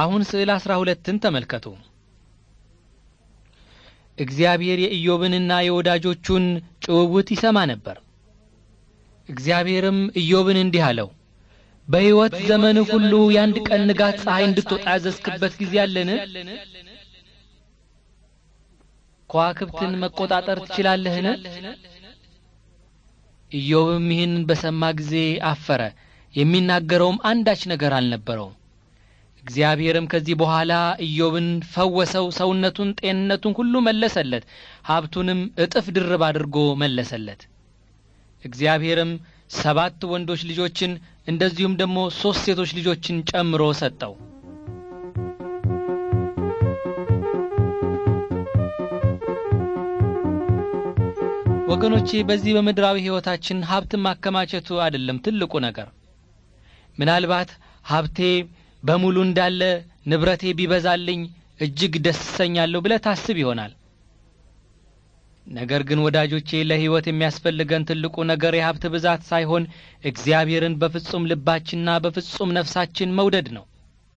አሁን ስዕል አስራ ሁለትን ተመልከቱ። እግዚአብሔር የኢዮብንና የወዳጆቹን ጭውውት ይሰማ ነበር። እግዚአብሔርም ኢዮብን እንዲህ አለው፣ በሕይወት ዘመን ሁሉ የአንድ ቀን ንጋት ፀሐይ እንድትወጣ ያዘዝክበት ጊዜ አለን? ከዋክብትን መቆጣጠር ትችላለህን? ኢዮብም ይህን በሰማ ጊዜ አፈረ፣ የሚናገረውም አንዳች ነገር አልነበረውም። እግዚአብሔርም ከዚህ በኋላ ኢዮብን ፈወሰው፣ ሰውነቱን፣ ጤንነቱን ሁሉ መለሰለት፣ ሀብቱንም እጥፍ ድርብ አድርጎ መለሰለት። እግዚአብሔርም ሰባት ወንዶች ልጆችን እንደዚሁም ደግሞ ሦስት ሴቶች ልጆችን ጨምሮ ሰጠው። ወገኖቼ በዚህ በምድራዊ ሕይወታችን ሀብትን ማከማቸቱ አይደለም ትልቁ ነገር። ምናልባት ሀብቴ በሙሉ እንዳለ ንብረቴ ቢበዛልኝ እጅግ ደስ ሰኛለሁ ብለህ ታስብ ይሆናል። ነገር ግን ወዳጆቼ ለሕይወት የሚያስፈልገን ትልቁ ነገር የሀብት ብዛት ሳይሆን እግዚአብሔርን በፍጹም ልባችንና በፍጹም ነፍሳችን መውደድ ነው።